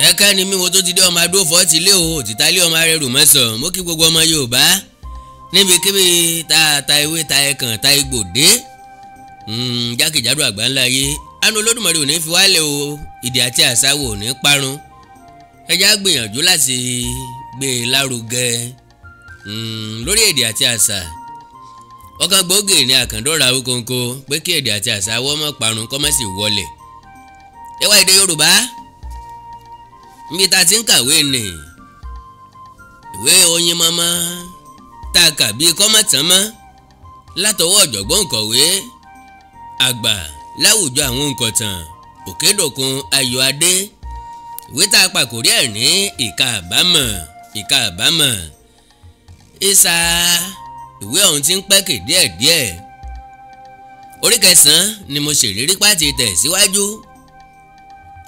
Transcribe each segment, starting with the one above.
ẹ ni mí wo tó ti dé ọmọ adó fọ́ọ̀tì lé o òtítà lé ọmọ rẹ rù mọ́sàn-án mo kí gbogbo ọmọ Yorùbá níbikíbi tá a ta ewé ta ẹ̀kàn ta egbò dé hmm, jákèjádò àgbáńlá ayé àánú Olódùmarè ò ní fi wálẹ̀ o ìdí àti àsáwò ò ní parun ẹ já gbìyànjú láti gbé e lárugẹ hmm, lórí èdè àti àṣà ọ̀kan gbòógì ní àkàndọ́ra okonko pé kí èdè àti àṣà wọ́n má parun kọ́ má sì wọlẹ̀ ẹ èdè Yorùbá níbi tá a ti ń kàwé nì ìwé oyin mọ́mọ́ tá a kà bíi kọ́mọ̀tánmọ́ látọwọ́ ọ̀jọ̀gbọ́n nkọ̀wé àgbà láwùjọ àwọn nkọ̀tàn òkèdòkun ayọ̀ adé ìwé tá a pàkórí ẹ̀ ní ìka àbámọ̀ ìka àbámọ̀ ìsà ìwé ọ̀hún ti ń pẹ́kì díẹ̀díẹ̀ orí kẹsàn-án ni mo ṣèlérí pàtì tẹ̀ síwájú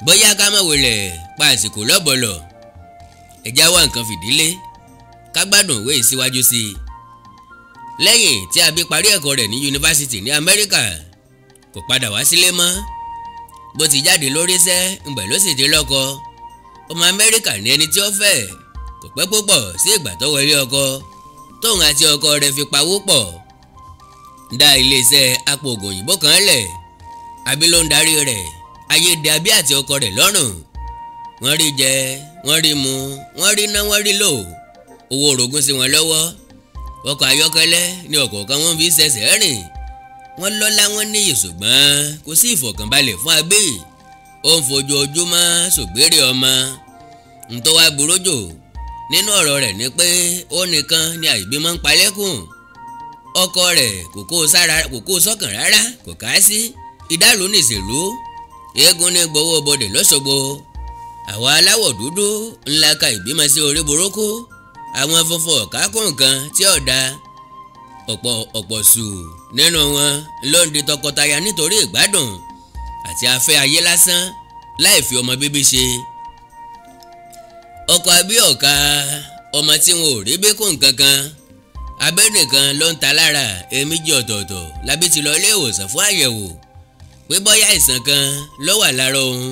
bóyá ká má wulẹ̀ pa àsìkò lọ́bọ̀lọ̀ ẹ̀já wá nǹkan fìdílé ká gbádùn ìwé ìsíwájú sí i lẹ́yìn tí Abí parí ẹ̀kọ́ rẹ̀ ní yunifásitì ní Amẹ́ríkà kò padà wá sílé mọ́ bó ti jáde lórí iṣẹ́ ńbẹ̀ ló sì ti lọ́kọ ọmọ Amẹ́ríkà ní ẹni tí ó fẹ́ kò pẹ́ púpọ̀ sí ìgbà tó wọlé ọkọ tóun àti ọkọ rẹ̀ fi pawó pọ̀ dá iléeṣẹ́ apòògùn òyìnbó kan lẹ̀ Abí ló ń darí rẹ̀ ayé dàbí àti ọkọ rẹ̀ lọ́rùn wọ́n rí jẹ wọ́n rí mu wọ́n rí ná wọ́n rí lò owó orogún sí wọn lọ́wọ́ ọkọ̀ ayọ́kẹ́lẹ́ ní ọkọ̀ ọ̀kọ̀ọ̀kan wọ́n fi ṣẹ̀ṣẹ̀ rìn wọ́n lọ́lá wọ́n níyì ṣùgbọ́n kò sí ìfọ̀kànbalẹ̀ fún agbé ó ń fojoojúmọ́ ṣògbére ọmọ ntọ́wá burújò nínú ọ̀rọ̀ rẹ̀ ni pé ó nìkan ni àìbímọ ń palẹ́kùn ọkọ rẹ̀ kò kó sọ́kàn rárá kò ká sí ìdálò nìṣèlú eégún ní gbowó bodè lọ́sọ̀gbọ̀ àwa aláwọ̀ dúdú ńlá ka ìbímọ sí orí burúkú àwọn funfun ọ̀ká kó nǹkan tí ò da ọ̀pọ̀ ọ̀pọ̀ sù nínú wọn ló ń di tọkọtaya nítorí ìgbádùn àti afẹ́ ayé lásán láì fi ọmọ bíbí ṣe ọkọ abíọ̀ka ọmọ tí wọn ò rí bí kún kankan abẹ́nìkan ló ń ta lára èmi jẹ́ ọ̀tọ̀ọ̀tọ̀ lábí ti lọ ilé ìwòsàn fún àyẹ̀wò pé bóyá àìsàn kan ló wà lára òun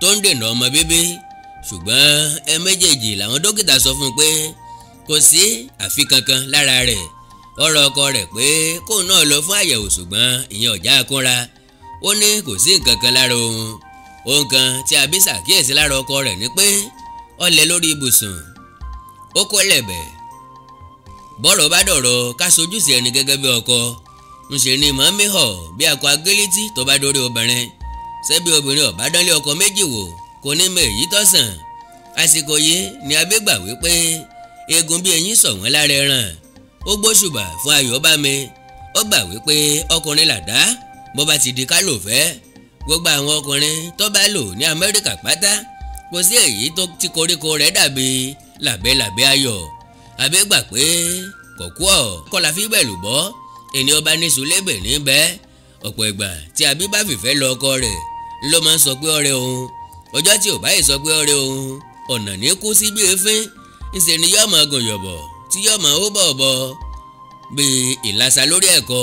tó ń dènà ọmọ bíbí ṣùgbọ́n ẹ méjèèjì làwọn dókítà sọ fún un pé kò sí àfi kankan lára rẹ̀ ọ̀rọ̀ ọkọ rẹ̀ pé kóun náà lọ fún àyẹ̀wò ṣùgbọ́n ìyẹn ọ̀já akúnra ó ní kò sí nǹkan kan lára òun ohun kan tí abí ṣàkíyèsí lára ọkọ rẹ̀ ni pé ọlẹ̀ lórí ibùsùn ó kó lẹ̀bẹ̀ bọ́rọ̀ bá dọ̀rọ̀ ká sojúṣe ẹni gẹ́gẹ́ bí ọkọ ń ṣe ni màmí họ bí akọ agélítì tó bá dórí obìnrin ṣebí obìnrin ọ̀bádánlé ọkọ méjì wò kò ní mọ èyí tọ́sàn àsìkò yìí ni abégbà wípé eegun bíi eyín sọ wọ́n lára ẹran ó gbóṣùbà fún ayọ̀bámi ó gbà wípé ọkùnrin làdá bó bá ti di ká lò fẹ́ gbogbo àwọn ọkùnrin tó bá lò ní amẹ́ríkà pátá kò sí èyí tó ti koríko rẹ̀ dàbí làbẹ́làbẹ́ ayọ̀ abégbà pé kọ̀kú ọ̀ kọ́la fi bẹ̀lù bọ́ ènìyàn bá ní sùn lébè ní bẹ́ẹ̀ ọ̀pọ̀ ìgbà tí abí bá fìfẹ́ lọ ọkọ rẹ̀ ló máa ń sọ pé ọrẹ òun ọjọ́ tí ò báyìí sọ pé ọ̀rẹ́ òun ọ̀nà ní kú sí bí ni yóò máa gùn yọ̀bọ̀ tí yóò máa hó bọ̀ọ̀bọ̀ bí ìlàsà lórí ẹ̀kọ́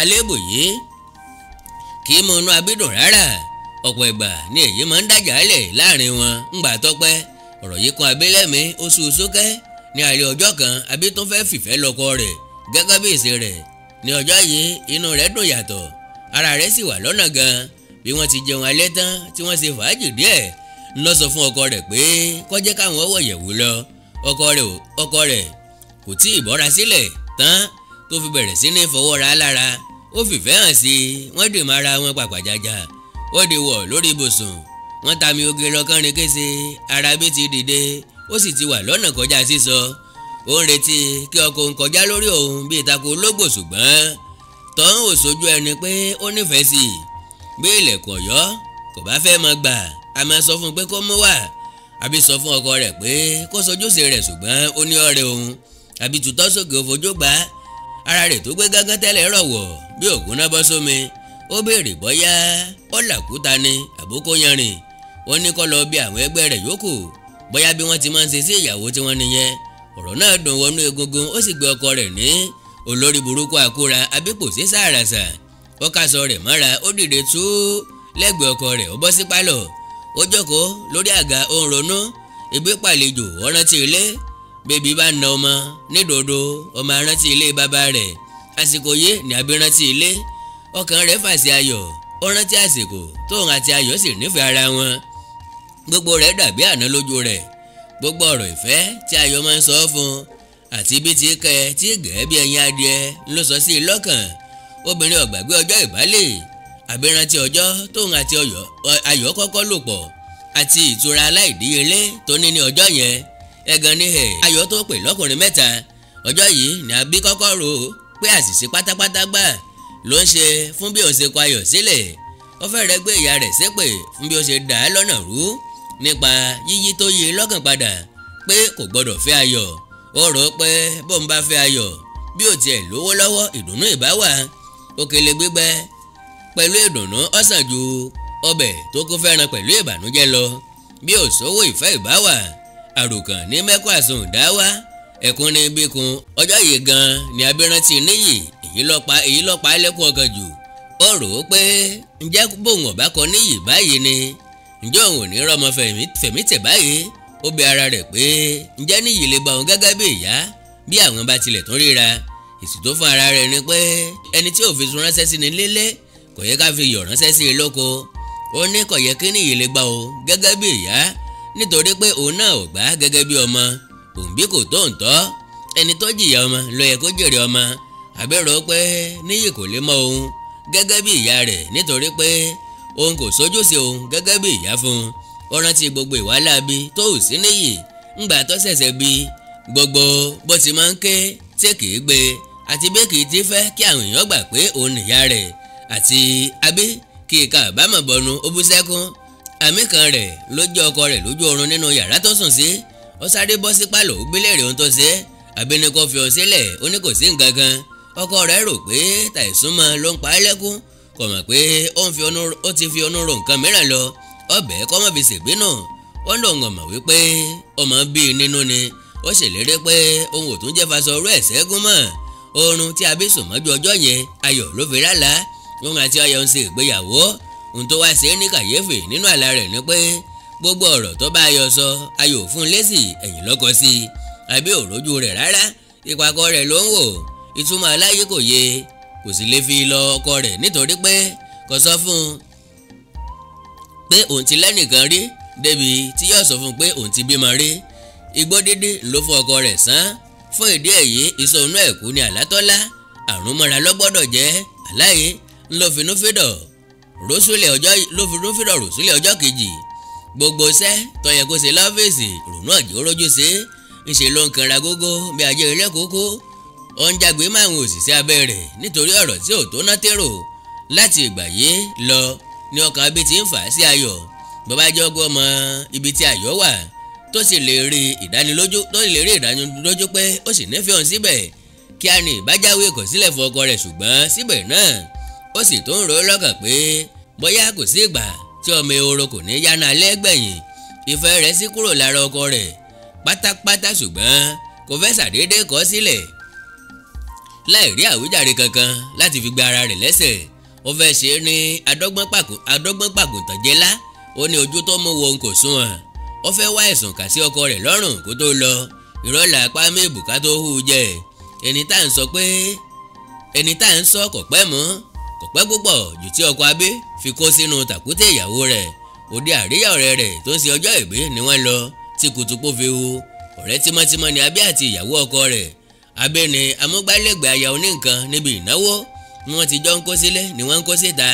àléébù kì í mọ inú abídùn rárá ọ̀pọ̀ ìgbà ni èyí máa ń dàjálẹ̀ láàrin wọn ńgbà tọ́pẹ́ ọ̀rọ̀ yìí kan abẹ́lẹ́mí oṣù sókẹ́ ní alẹ́ ọjọ́ kan abí fẹ́ fìfẹ́ lọ́kọ rẹ̀ gẹ́gẹ́ bí bí wọ́n ti jẹun alẹ́ tán tí wọ́n ṣe fàájì díẹ̀ ńlọ sọ fún ọkọ rẹ̀ pé kó jẹ́ káwọn wọ̀yẹ̀wò lọ ọkọ rẹ̀ ọkọ rẹ̀ kò tí ì bọ́ra sílẹ̀ tán tó fi bẹ̀rẹ̀ sí ní fọwọ́ra lára ó fìfẹ́ hàn sí i wọ́n dì mára wọn pàpàjàjà ó di wọ̀ lórí ibùsùn wọ́n ta mi oge lọ́kànrin kése ara bí ti dìde ó sì ti wà lọ́nà kọjá sísọ ó ń retí kí ọkọ ń kọjá lórí òun bíi ìtako ológbò ṣùgbọ́n tọ́hún ò sójú ẹni pé ó nífẹ̀ẹ́ sí i bí ilẹ̀kùn ọ̀yọ́ kò bá fẹ́ mọ gbà a máa sọ fún un pé kó mú wá àbí sọ fún ọkọ rẹ̀ pé kó sojúṣe rẹ̀ ṣùgbọ́n ó ní ọ̀rẹ́ òun àbí tutọ́ sókè òfojó gbà ara rẹ̀ tó gbé gángan tẹ́lẹ̀ rọ̀wọ̀ bí ògùn náà bọ́ sómi ó béèrè bọ́yá ó làkúta ni àbókó yanrìn wọ́n ní kó lọ bí àwọn ẹgbẹ́ rẹ̀ yòókù bóyá bí wọ́n ti máa ń ṣe sí ìyàwó tí wọ́n nìyẹn ọ̀rọ̀ náà dùn wọnú egungun ó sì gbé ọkọ rẹ̀ ní olórí burúkú àkúra abípòsí sàràsà ó kásọ rẹ̀ mọ́ra ó dìde tú lẹ́gbẹ̀ẹ́ ọkọ rẹ̀ ó bọ́ sí pálọ̀ ó jókòó lórí àga ó ń ronú ìgbé pàlejò ó rántí ilé bébí bá na ọmọ nídòdó ọmọ arántí ilé bàbá rẹ̀ àsìkò yé ní abirántí ilé ọkàn rẹ̀ fàṣẹ ayọ̀ ó rántí àsìkò tóun àti ayọ̀ sì nífẹ̀ẹ́ ara wọn gbogbo rẹ̀ dàbí àná lójú rẹ̀ gbogbo ọ̀rọ̀ ìfẹ́ tí ayọ̀ máa ń sọ fún àti bí ti kẹ́ tí gẹ̀ẹ́ bí ẹyin adìẹ ló sọ sí i lọ́kàn obìnrin ọ̀gbàgbé ọjọ́ ìbálẹ̀ àbírántí ọjọ́ tóun àti ayọ̀ kọ́kọ́ lò pọ̀ àti ìtura aláìdíyelé tó ní ní ọjọ́ yẹn ẹ̀gàn ni ẹ̀ ayọ̀ tó pè lọ́kùnrin mẹ́ta ọjọ́ yìí ni a bí kọ́kọ́ rò pé àṣìṣe pátápátá gbà ló ń ṣe fún bí òun ṣe kọ ayọ̀ sílẹ̀ ó fẹ́rẹ̀ gbé ìyá rẹ̀ ṣépè fún bí ó ṣe dà á lọ́nà rú nípa yíyí tó yí lọ́kàn padà pé kò gbọ́dọ̀ fẹ́ ayọ̀ ó rò ó pé bóun bá fẹ́ ayọ̀ bí ò tiẹ̀ lówó lọ́wọ́ ìdùnnú ìbá wà òkèlè gbígbẹ pẹ̀lú ìdùnnú ó sàn ju ọbẹ̀ tó kún fẹ́ràn pẹ̀lú ìbànújẹ́ lọ bí òṣòwò ìfẹ́ ìbáwà àròkàn ní mẹ́kọ́ àsùn dáwà ẹ̀kún ní bíkun ọjọ́ yìí gan ni abiranti níyì èyí lọ́pa èyí lọ́pa lẹ́kùn ọkàn jù ó rò ó pé ǹjẹ́ bóun ọ̀bá kọ níyì báyìí ni ǹjẹ́ òun ò ní rọ́mọ ara rẹ̀ pé ǹjẹ́ níyì lè bá òun gẹ́gẹ́ bí ìyá bí àwọn bá tilẹ̀ èsì tó fún ara rẹ ni pé ẹni tí òfin sun ránṣẹ́ sí ni lélẹ̀ kò yẹ ká fi yọ̀ ránṣẹ́ sí i lóko ó ní kò yẹ kí ní ìyẹlẹ gbà o gẹ́gẹ́ bí ìyá nítorí pé òun náà ò gbà gẹ́gẹ́ bí ọmọ òun bí kò tó ń tọ́ ẹni tó jìyà ọmọ lọ yẹ kó jèrè ọmọ àbẹ̀rọ pé níyì kò lè mọ òun gẹ́gẹ́ bí ìyá rẹ̀ nítorí pé òun kò sójú sí òun gẹ́gẹ́ bí ìyá fún un ó rántí gbogbo ìwàhálà bí tó ò sí níyì ńgbà tó ṣẹ̀ṣẹ̀ bí gbogbo bó ti máa ń ké tí kìí gbé àti bí kì í ti fẹ́ kí àwọn èèyàn gbà pé òun nìyá rẹ̀ àti abí kì í ka àbámọ̀ bọnu ó bú sẹ́kún àmì kan rẹ̀ ló jẹ́ ọkọ rẹ̀ lójú oorun nínú yàrá tó sùn sí ó sáré bọ́ sí pálọ̀ ó gbélé rẹ̀ ohun tó ṣe abinikọ fi hàn sílẹ̀ ó ní kò sí nǹkan kan ọkọ rẹ̀ rò pé tàìsúnmọ́ ló ń pa á lẹ́kún kò mọ̀ pé ó ti fi ọnú ro nǹkan mìíràn lọ ọbẹ̀ kọ́mọ̀bí ṣègbínú wọ́n lòun ọ̀mọ̀ wípé ọmọ bíi nínú ni ó ṣèlérí pé òun ò tún jẹ́ fasọ orú ẹ̀ ṣẹ́gun oorun tí abé sùn mọ́jú ọjọ́ yẹn ayọ̀ ló fi rálá wọn àti ayọ̀ ń ṣe ìgbéyàwó ohun tó wá ṣe é ní kàyéfì nínú àlá rẹ̀ ni pé gbogbo ọ̀rọ̀ tó bá ayọ̀ sọ ayọ̀ fún lésì ẹ̀yìn lọ́kọ sí i abé ò rójú rẹ̀ rárá ìpàkọ́ rẹ̀ ló ń wò ìtumọ̀ aláyé kò yé kò sì lè fi lọ ọkọ rẹ̀ nítorí pé kò sọ fún un pé òun ti lẹ́nìkan rí débi tí yóò sọ fún un pé òun ti bímọ rí igbó dídí ló fún ọkọ rẹ̀ sán fún ìdí èyí ìsọnù ẹ̀kú ni àlátọ́lá àrùn mọ́ra lọ́gbọ́dọ̀ jẹ́ aláyé ńlọfinúfídọ̀ rọ́súlẹ̀ ọjọ́ lọ́finúfídọ̀ rọ́súlẹ̀ ọjọ́ kejì gbogbo iṣẹ́ tó yẹ kó ṣe lọ́fíìsì rònú ọ̀jẹ̀ orójú ṣe ń ṣe ló ń kanra gógó bí ajé ilé kókó ó ń jagbe máa ń òṣìṣẹ́ abẹ́ rẹ̀ nítorí ọ̀rọ̀ tí ò tó ná tèrò láti ìgbà yìí lọ ni ọkàn abẹ́ ti ń fà á sí ayọ̀ bàbá jọ́gbọ́ mọ ibi tí ayọ̀ wà tó sì lè rí ìdánilójú tó sì lè rí ìdánilójú pé ó sì nífẹ̀ẹ́ òun síbẹ̀ kí a ní ìbájáwé kò sílẹ̀ fún ọkọ rẹ̀ ṣùgbọ́n síbẹ̀ náà ó sì tó ń ro lọ́kàn pé bóyá kò sí ìgbà tí ọmọ ehoro kò ní yánnà lẹ́gbẹ̀yìn ìfẹ́ rẹ̀ sì kúrò lára ọkọ rẹ̀ pátápátá ṣùgbọ́n kò fẹ́ ṣàdédé kọ̀ sílẹ̀ láì rí àwíjàre kankan láti fi gba ara rẹ̀ lẹ́sẹ̀ ó fẹ́ ṣe é ní adọ́gbọ́n pàkùntàn jẹ́lá ó ní ojú tó mú wo òun kò sunwọ̀n ó fẹ́ wá ẹ̀sùn kà sí ọkọ rẹ̀ lọ́rùn kó tó lọ ìrọ́lá apá mébù ká tó hù jẹ ẹni tá à ń sọ pé ẹni tá à ń sọ kò pẹ́ mọ́ kò pẹ́ púpọ̀ jù tí ọkọ abé fi kó sínú tàkúté ìyàwó rẹ̀ òde àríyá ọ̀rẹ́ rẹ̀ tó ń ṣe ọjọ́ ìbí ni wọ́n lọ tí kùtùpó fi hu ọ̀rẹ́ tímọ́tímọ́ ni abé àti ìyàwó ọkọ rẹ̀ abé ni amúgbálẹ́gbẹ̀ẹ́ aya oníǹkan níbi ìnáwó ni wọ́n ti jọ ń kó sílẹ̀ ni wọ́n ń kó síta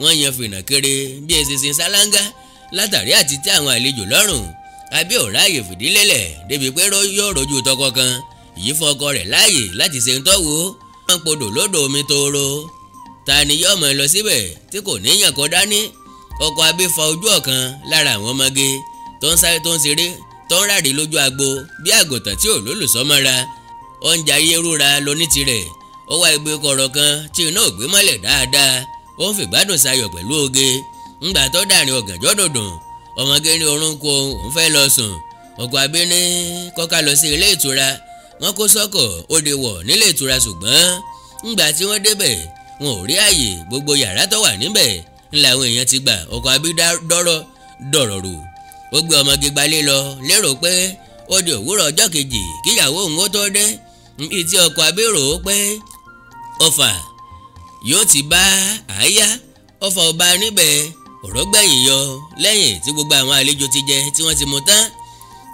wọ́n yan fìnà kiri bí eṣinṣin ṣáláńgá látàrí àti tẹ́ àwọn àlejò lọ́rùn àbí ò ráàyè fìdílélẹ̀ débi pé yóò rojú tọkọ kan èyí fún ọkọ rẹ̀ láàyè láti ṣe ń tọ́wò wọ́n podò lódò omi tóóró ta yóò mọ̀ lọ síbẹ̀ tí kò níyàn kó dání ọkọ̀ abé fa ojú ọ̀kan lára àwọn ọmọge tó ń sáré tó ń ṣeré tó ń ráre lójú agbo bí àgùntàn tí ò lólùsọ́mọ́ra oúnjẹ ayé rúra lóní tirẹ̀ ó wá igbe kọ̀rọ̀ kan tí iná ògbé mọ́lẹ̀ dáadáa ó ń fìgbádùn sayọ̀ pẹ̀lú oge ńgbà tó dàrin ọ̀gànjọ́ dòdùn ọmọge orúnkún òun fẹ́ lọ sùn ọkọ̀ abíní kọ́ka lọ sí ilé ìtura wọ́n kó sọ́kọ̀ ó de wọ̀ nílé ìtura ṣùgbọ́n ńgbà tí wọ́n débẹ̀ wọn ò rí àyè gbogbo yàrá tó wà níbẹ̀ ńlá àwọn èèyàn ti gbà ọkọ̀ abí dọ̀rọ̀ rò ó gbé ọmọge gbalé lọ lérò pé ó di òwúrọ̀ ọjọ́ kejì kíyàwó òun ó tó dé níbi tí ọkọ̀ ọ̀rọ̀ gbẹ̀yìn yọ lẹ́yìn tí gbogbo àwọn àlejò ti jẹ tí wọ́n ti mu tán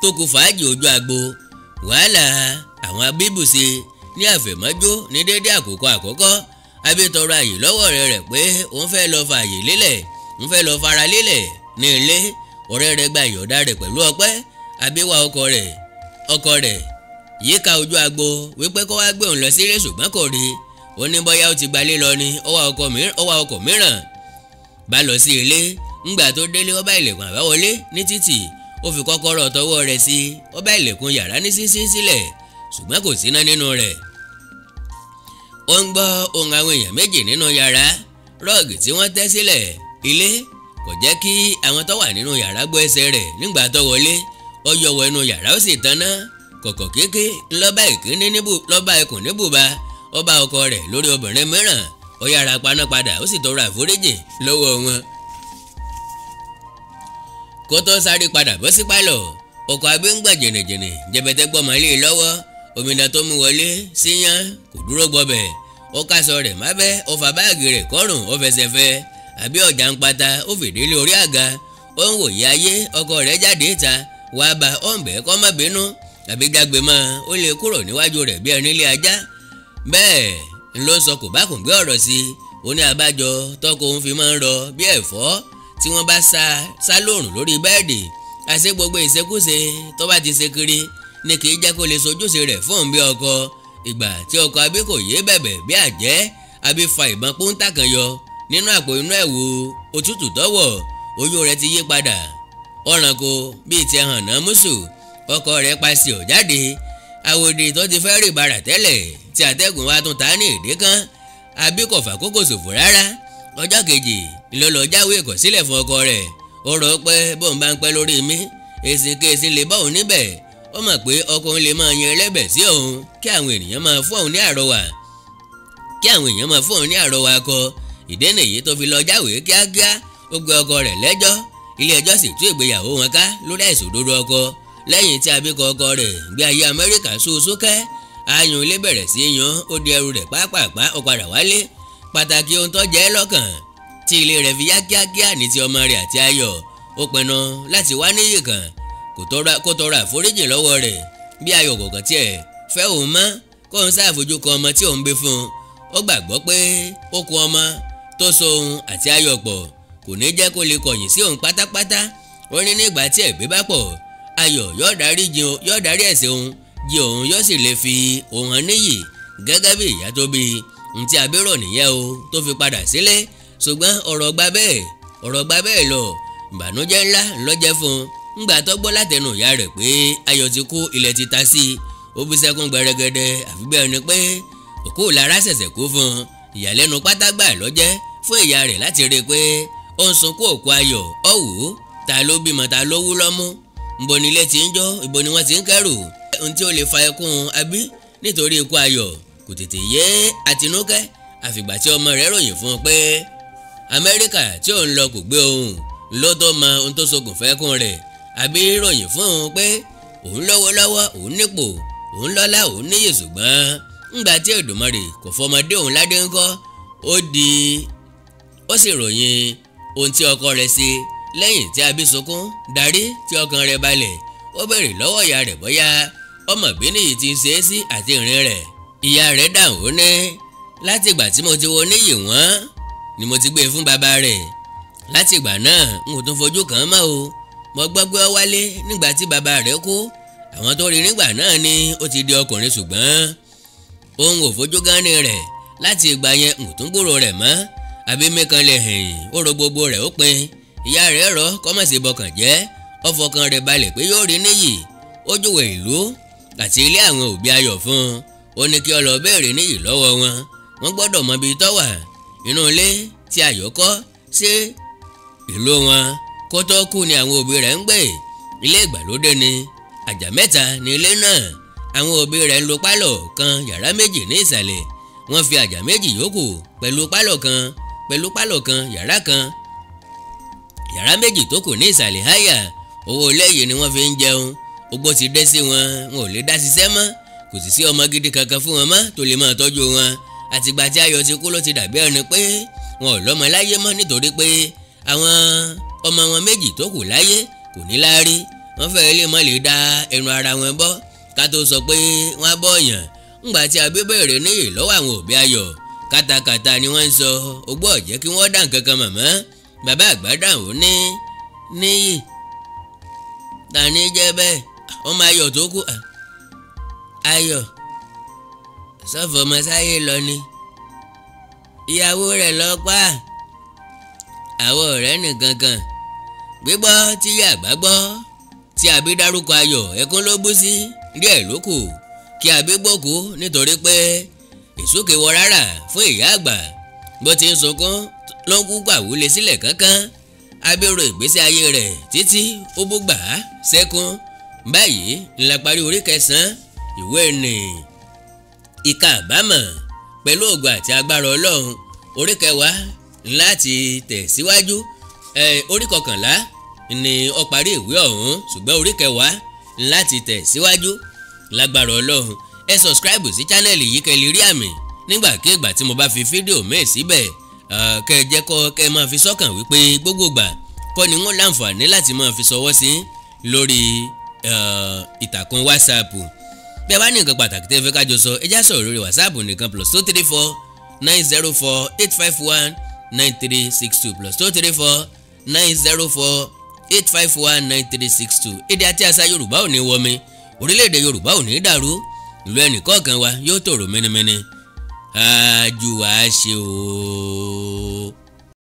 tó kù fàájì ojú agbo wàhálà àwọn abíbùsè ní àfẹ̀mọ́jó ní dédé àkókò àkọ́kọ́ abétọrọ àyè lọ́wọ́ ọ̀rẹ́ rẹ̀ pé òun fẹ́ lọ fa àyè lélẹ̀ òun fẹ́ lọ fara lélẹ̀ ní ilé ọ̀rẹ́ rẹ̀ gba ìyọ̀dá rẹ̀ pẹ̀lú ọpẹ́ abéwà ọkọ rẹ̀ ọkọ rẹ̀ yíká ojú agbo wípé kó wá gbé òun lọ sí eré ṣùgbọ́n kò rí ó ní bóyá ó ti gbalé lọ ni ó wá ọkọ̀ mìíràn bá lọ sí ilé ńgbà tó délé ó bá ilẹ̀kùn àbáwọlé ní títì ó fi kọ́kọ́rọ́ tọwọ́ rẹ̀ sí ó bá ilẹ̀kùn yàrá ní sísí sílẹ̀ ṣùgbọ́n kò síná nínú rẹ̀ ó ń gbọ́ ohùn àwọn èèyàn méjì nínú yàrá rọ́ọ̀gì tí wọ́n tẹ́ sílẹ̀ ilé kò jẹ́ kí àwọn tó wà nínú yàrá gbọ́ ẹsẹ̀ rẹ̀ nígbà tó wọlé ó yọ wọ inú yàrá ó sì tanná kọ̀kọ̀ kéèké ńlọ́ba ìkíní lọ́ba ikùn níbùba ó ọkọ rẹ̀ lórí obìnrin mìíràn ó yára paná padà ó sì tọrọ àforíjì lọ́wọ́ wọn. kó tó sáré padà bọ́ sí pálọ̀ ọkọ̀ agbéǹgbà jìnnìjìnnì jẹ̀bẹ̀tẹ̀ gbọ́mọ ilé e lọ́wọ́ omidan tó mú wọlé síyan kò dúró gbọ́bẹ̀ ó kásọ rẹ̀ mábẹ́ ó fa báàgì rẹ̀ kọ́rùn ó fẹsẹ̀ fẹ́ àbí ọ̀dà ń pata ó fìdí lé orí àga ó ń wòye ayé ọkọ rẹ̀ jáde ta wàá ba ọ̀nbẹ́ kọ́ má bínú àbí ó lè e kúrò níwájú ló ń sọ kò bá kò gbé ọ̀rọ̀ sí i ó ní abájọ tọkọ òun fi máa ń rọ bí ẹ̀fọ́ tí wọ́n bá sa sá lóòrùn lórí bẹ́ẹ̀dì àṣé gbogbo ìṣekúṣe tó bá ti ṣe kiri ni kì í jẹ́ kó lè sojúṣe rẹ̀ fún bí ọkọ ìgbà tí ọkọ abí kò yé bẹ̀bẹ̀ bí àjẹ́ abí fa ìbọn pọ́ńtà kan yọ nínú àpò inú ẹ̀ wo òtútù tọ́wọ̀ oyún rẹ̀ ti yí padà ọ̀ràn kò bíi ti hàn náà mùsù ọkọ rẹ̀ paṣẹ ọ̀ jáde àwòdì tó ti fẹ́ rí tẹ́lẹ̀ tí àtẹ̀gùn wa tún ta ní èdè kan àbí fàkókò ṣòfò rárá ọjọ́ kejì ńlọ́lọ́ jáwé ìkọ̀sílẹ̀ fún ọkọ rẹ̀ ó rọ pé bóun bá ń pẹ́ lórí mi èsì lè bá òun níbẹ̀ ó mọ̀ pé ọkọ òun lè máa yan ẹlẹ́bẹ̀ sí òun kí àwọn ènìyàn máa fún òun ní àrọwà kí àwọn èèyàn máa fún òun ní àrọwà kọ ìdí nìyí tó fi lọ jáwé kíákíá ó gbé ọkọ rẹ̀ lẹ́jọ́ ilé ẹjọ́ sì tú ìgbéyàwó wọn ká lórí àìsòdodo ọkọ lẹ́yìn tí abíkọ ọkọ rẹ̀ gbé ayé Amẹ́ríkà sóosókẹ́ ayùn ilé bẹ̀rẹ̀ sí yan ó di ẹrù rẹ̀ pápápá ó padà wálé pàtàkì ohun tó jẹ́ lọ́kàn tí ilé rẹ̀ fi yá kíákíá ní ti ọmọ rẹ̀ àti ayọ̀ ó pinnu láti wá níyì kan kó tọrọ àforíjì lọ́wọ́ rẹ̀ bí ayọ̀ kọ̀ọ̀kan tiẹ̀ fẹ́ òun mọ́ kó ń ṣàfojú kan ọmọ tí òun gbé fún un ó gbàgbọ́ pé ó kun ọmọ tó so òun àti ayọ̀ pọ̀ kò ní jẹ́ kó lè kọ̀yìn sí òun pátápátá ó ní nígbà tí ẹ̀gbẹ́ bá pọ̀ ayọ̀ yóò dárí ẹ̀ṣẹ̀ òun jẹ́ òun yóò sì lè fi òun hàn níyì gẹ́gẹ́ bí ìyá tó bí ntí abérò nìyẹn o tó fi padà sílé ṣùgbọ́n ọ̀rọ̀ gba bẹ́ẹ̀ ọ̀rọ̀ gba bẹ́ẹ̀ lọ ìbànújẹ́ ńlá lọ́jẹ́ fún un ńgbà tó gbọ́ látẹnu ìyá rẹ̀ pé ayọ̀ ti kú ilẹ̀ ti ta sí i ó bú sẹ́kún gbẹrẹgẹdẹ àfi bẹ́ẹ̀ ni pé òkú lára ṣẹ̀ṣẹ̀ kú fún un ìyàlẹ́nu pátágbà lọ́jẹ́ fún ìyá rẹ̀ láti rí i pé ó ń sunkún òkú ayọ̀ ọ̀wọ́ ta ló bímọ ta ló wú lọ́mú ìbò nílé ti ń jọ́ ìbò ni ti ń kẹ́rù ohun tí ó lè fa ẹkún abí nítorí ikú ayọ̀ kò tètè yé àtinúkẹ́ àfìgbà tí ọmọ rẹ̀ ròyìn fún un pé amẹ́ríkà tí òun lọ kò gbé òun ló tó mọ ohun tó ṣokùnfà ẹkún rẹ̀ àbí ròyìn fún òun pé òun lọ́wọ́lọ́wọ́ òun nípò òun lọ́lá òun níyì ṣùgbọ́n ńgbà tí Èdùmàrè kò fọmọdé òun ládé ńkọ́ ó di ó sì ròyìn ohun tí ọkọ rẹ̀ ṣe lẹ́yìn tí abí sunkún darí tí ọkàn rẹ̀ balẹ̀ ó béèrè lọ́wọ́ ìyá rẹ̀ bóyá ọmọ bíní yìí ti ń ṣe é sí àti ìrìn rẹ̀ ìyá rẹ̀ dàhùn ó ní láti ìgbà tí mo ti wo níyì wọ́n ni mo ti gbé e fún bàbá rẹ̀ láti ìgbà náà n kò tún fojú kàn án mọ́ o mo gbọ́ pé ó wálé nígbà tí bàbá rẹ̀ kú àwọn tó rí nígbà náà ni ó ti di ọkùnrin ṣùgbọ́n òun ò fojú gánni rẹ̀ láti ìgbà yẹn n kò tún gbúrò rẹ̀ mọ́ àbí mẹ́kan lè hìn ó ro gbogbo rẹ̀ ó pin ìyá rẹ̀ rọ kọ́mọ̀sí bọkàn jẹ́ ọfọkàn rẹ̀ balẹ̀ pé yóò rí níyì ó júwèé ìlú àti ilé àwọn òbí ayọ̀ fún un ó ní kí ó lọ béèrè níyì lọ́wọ́ wọn wọ́n gbọ́dọ̀ mọ ibi tó wà inú ilé tí ayọ̀ kọ́ sí ìlú wọn kó tó kú ni àwọn òbí rẹ̀ ń gbé ilé ìgbàlódé ni àjà mẹ́ta ní ilé náà àwọn òbí rẹ̀ ń lo pálọ̀ kan yàrá méjì ní ìsàlẹ̀ wọ́n fi àjà méjì yòókù pẹ̀lú pálọ̀ kan pẹ̀lú pálọ̀ kan yàrá kan yàrá méjì tó kù ní ìsàlẹ̀ háyà owó ilé yìí ni wọ́n fi ń jẹun ogbó ti dẹ́ sí wọn wọn ò lè dá ṣiṣẹ́ mọ́ kò sì sí ọmọ gidi kankan fún wọn mọ́ tó lè máa tọ́jú wọn àtìgbà tí ayọ̀ ti kú ló ti dàbí ẹni pé wọn ò lọ́mọ láyé mọ́ nítorí pé àwọn ọmọ wọn méjì tó kù láyé kò ní láárí wọ́n fẹ́ẹ́ lè mọ́ lè da ẹnu ara wọn bọ́ ká tó sọ pé wọ́n á bọ́ ọ̀yàn ńgbà tí abé bẹ̀rẹ̀ níyì lọ́wọ́ àwọn òbí ayọ̀ kátàkátà ni wọ́n ń sọ ogbó ọ̀jẹ́ kí wọ́n dà nǹkankan màmá bàbá àgbà dà níyì ta ni jẹ́ bẹ́ẹ̀ ọmọ ayọ̀ tó kù ayọ̀ sọfọmọsáyé lọ ni ìyàwó rẹ̀ lọ pa àwọn ọ̀rẹ́ nìkan kan gbígbọ́ tí yàgbá gbọ́ tí àbí dárúkọ ayọ̀ ẹkún ló bú sí díẹ̀ ló kù kí àbí gbòkú nítorí pé ìsúkè wọ rárá fún ìyá àgbà bó ti ń sunkún ló ń kú pàwúlé sílẹ̀ kankan abẹ́rò ìgbésí ayé rẹ̀ títí ó bú gbà á sẹ́kún báyìí ńlá parí orí kẹsàn-án ìwé ìrìn ìka àbámọ̀ pẹ̀lú ògo àti agbára ọlọ́run orí kẹwàá láti tẹ̀síwájú orí kọkànlá ni ó parí ìwé ọ̀hún ṣùgbọ́n orí kẹwàá láti tẹ̀síwájú lágbára ọlọ́run ẹ sọ̀scribe sí channel yìí kẹ́ lè rí àmì nígbàkigbà tí mo bá fi fídíò míì síbẹ̀ kẹ́ ẹ jẹ́ kọ́ kẹ́ ẹ máa fi sọ́kàn wípé gbogbo gbà kọ́ láǹfààní láti máa fi sọwọ́ sí lórí Eh, ìtàkùn whatsapp bí a bá ní nǹkan pàtàkì tẹ́ fẹ́ kájọ sọ ẹ já sọ̀rọ̀ lórí whatsapp nìkan plus two three four nine zero four eight five one nine three six two plus two three four nine zero four eight five one nine three six two èdè àti àṣà yorùbá ò ní wọmi orílẹ̀-èdè yorùbá ò ní dàrú ìlú ẹnìkọ̀ọ̀kan wa yóò tòrò mẹ́nẹ́mẹ́nẹ́ aájú wa ṣe ooo.